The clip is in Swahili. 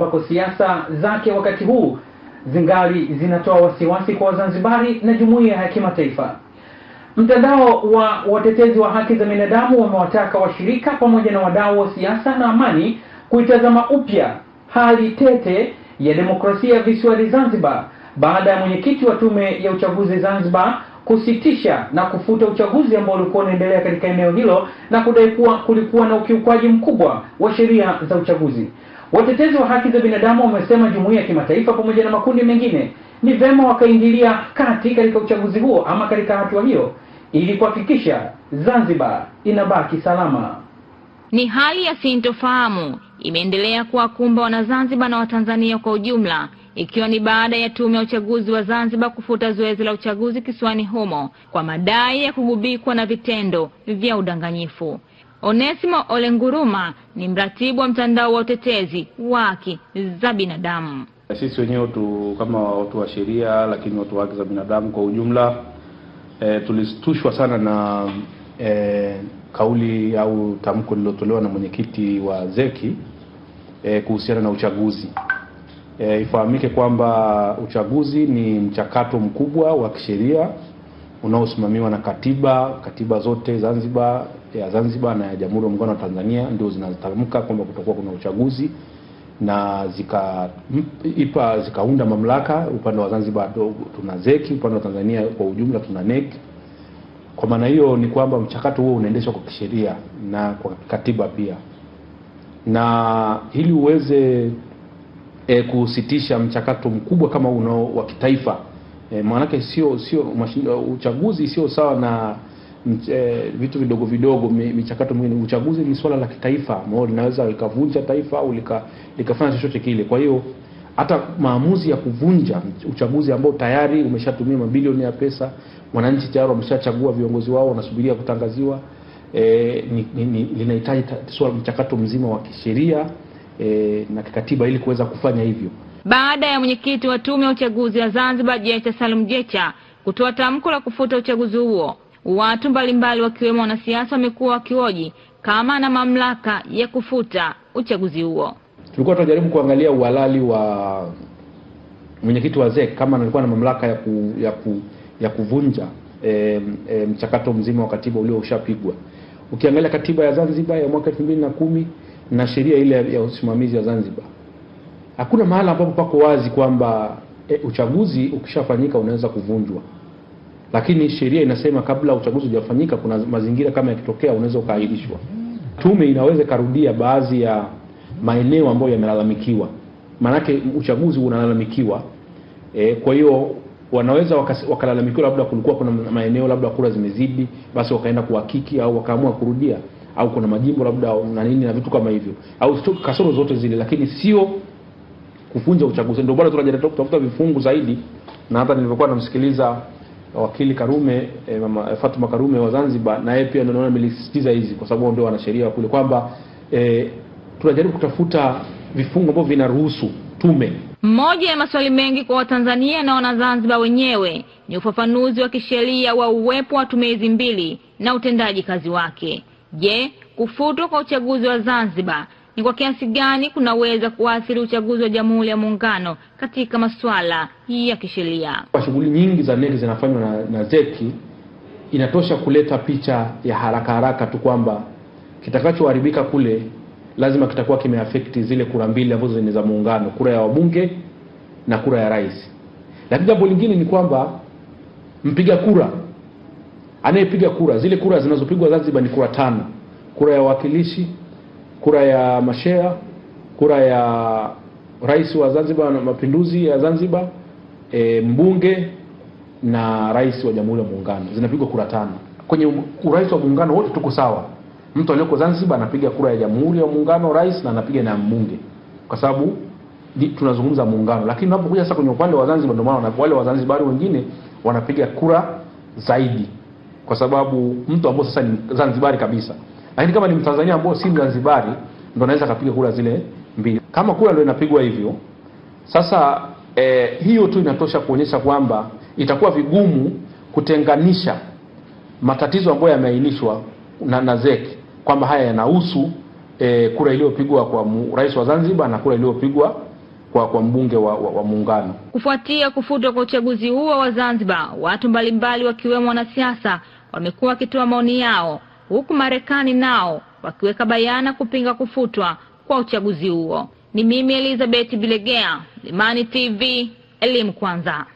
Ambako siasa zake wakati huu zingali zinatoa wasiwasi kwa Wazanzibari na jumuiya ya kimataifa. Mtandao wa watetezi wa haki za binadamu wamewataka washirika pamoja na wadau wa siasa na amani kuitazama upya hali tete ya demokrasia visiwani Zanzibar baada ya mwenyekiti wa tume ya uchaguzi Zanzibar kusitisha na kufuta uchaguzi ambao ulikuwa unaendelea katika eneo hilo na kudai kuwa kulikuwa na ukiukwaji mkubwa wa sheria za uchaguzi. Watetezi wa haki za binadamu wamesema jumuiya ya kimataifa pamoja na makundi mengine ni vema wakaingilia kati katika uchaguzi huo ama katika hatua hiyo ili kuhakikisha Zanzibar inabaki salama. Ni hali ya sintofahamu imeendelea kuwakumba Wanazanzibar na Watanzania kwa ujumla ikiwa ni baada ya tume ya uchaguzi wa Zanzibar kufuta zoezi la uchaguzi kisiwani humo kwa madai ya kugubikwa na vitendo vya udanganyifu. Onesimo Olenguruma ni mratibu wa mtandao wa utetezi wa haki za binadamu. Sisi wenyewe tu kama watu wa sheria, lakini watu wa haki za binadamu kwa ujumla e, tulishtushwa sana na e, kauli au tamko lililotolewa na mwenyekiti wa ZEKI e, kuhusiana na uchaguzi. E, ifahamike kwamba uchaguzi ni mchakato mkubwa wa kisheria unaosimamiwa na katiba, katiba zote Zanzibar ya Zanzibar na ya Jamhuri ya Muungano wa Tanzania ndio zinatamka kwamba kutakuwa kuna uchaguzi na ipa zikaunda mamlaka. Upande wa Zanzibar tuna zeki upande wa Tanzania kwa ujumla tuna NEC. Kwa maana hiyo ni kwamba mchakato huo unaendeshwa kwa kisheria na kwa katiba pia, na ili uweze e, kusitisha mchakato mkubwa kama unao wa kitaifa e, maanake sio sio uchaguzi sio sawa na e, vitu vidogo vidogo, michakato mingine. Uchaguzi ni swala la kitaifa ambao linaweza likavunja taifa au lika, likafanya chochote kile. Kwa hiyo hata maamuzi ya kuvunja uchaguzi ambao tayari umeshatumia mabilioni ya pesa, wananchi tayari wameshachagua viongozi wao, wanasubiria kutangaziwa, e, linahitaji swala mchakato mzima wa kisheria e, na kikatiba ili kuweza kufanya hivyo. Baada ya mwenyekiti wa tume ya uchaguzi ya Zanzibar Jecha Salum Jecha kutoa tamko la kufuta uchaguzi huo Watu mbalimbali wakiwemo wanasiasa wamekuwa wakihoji kama na mamlaka ya kufuta uchaguzi huo. Tulikuwa tunajaribu kuangalia uhalali wa mwenyekiti wa ZEC kama alikuwa na mamlaka ya, ku, ya, ku, ya kuvunja e, e, mchakato mzima wa katiba ulio ushapigwa Ukiangalia katiba ya Zanzibar ya mwaka elfu mbili na kumi na sheria ile ya usimamizi wa Zanzibar, hakuna mahala ambapo pako wazi kwamba e, uchaguzi ukishafanyika unaweza kuvunjwa lakini sheria inasema kabla uchaguzi hujafanyika, kuna mazingira kama yakitokea, unaweza ukaahirishwa. Tume inaweza ikarudia baadhi ya maeneo ambayo yamelalamikiwa, maanake uchaguzi unalalamikiwa. E, kwa hiyo wanaweza wakalalamikiwa, labda kulikuwa kuna maeneo labda kura zimezidi, basi wakaenda kuhakiki au wakaamua kurudia, au kuna majimbo labda na nini na vitu kama hivyo, au kasoro zote zile, lakini sio kufunja uchaguzi. Ndio bado tunajaribu kutafuta vifungu zaidi, na hata nilivyokuwa namsikiliza wakili Karume e, mama eh, Fatuma Karume wa Zanzibar, na yeye pia ndio naona nilisisitiza hizi kwa sababu ndio wanasheria wa kule kwamba e, tunajaribu kutafuta vifungo ambavyo vinaruhusu tume. Mmoja ya maswali mengi kwa Watanzania na Wanazanzibar wenyewe ni ufafanuzi wa kisheria wa uwepo wa tume hizi mbili na utendaji kazi wake. Je, kufutwa kwa uchaguzi wa Zanzibar ni kwa kiasi gani kunaweza kuathiri uchaguzi wa Jamhuri ya Muungano katika masuala ya kisheria. Kwa shughuli nyingi za NEC zinafanywa na, na zeki inatosha kuleta picha ya haraka haraka tu kwamba kitakachoharibika kule lazima kitakuwa kimeafekti zile kura mbili ambazo ni za muungano, kura ya wabunge na kura ya rais. Lakini jambo lingine ni kwamba mpiga kura anayepiga kura, zile kura zinazopigwa Zanzibar ni kura tano: kura ya wawakilishi kura ya masheha, kura ya rais wa Zanzibar na mapinduzi ya Zanzibar, e, mbunge na rais wa Jamhuri ya Muungano, zinapigwa kura tano. Kwenye urais wa muungano wote tuko sawa. Mtu aliyoko Zanzibar anapiga kura ya Jamhuri ya Muungano, rais na anapiga na mbunge, kwa sababu tunazungumza muungano. Lakini unapokuja sasa kwenye upande wa Zanzibar, ndio maana wale Wazanzibari wengine wanapiga kura zaidi, kwa sababu mtu ambaye sasa ni Zanzibari kabisa lakini kama ni Mtanzania ambao si Mzanzibari ndo anaweza akapiga kura zile mbili. Kama kura ndio inapigwa hivyo sasa, eh, hiyo tu inatosha kuonyesha kwamba itakuwa vigumu kutenganisha matatizo ambayo yameainishwa na, na kwamba haya yanahusu eh, kura iliyopigwa kwa rais wa Zanzibar na kura iliyopigwa kwa, kwa mbunge wa, wa, wa Muungano. Kufuatia kufutwa kwa uchaguzi huo wa Zanzibar, watu mbalimbali wakiwemo wanasiasa wamekuwa wakitoa maoni yao huku Marekani nao wakiweka bayana kupinga kufutwa kwa uchaguzi huo. Ni mimi Elizabeth Bilegea, Limani TV, elimu kwanza.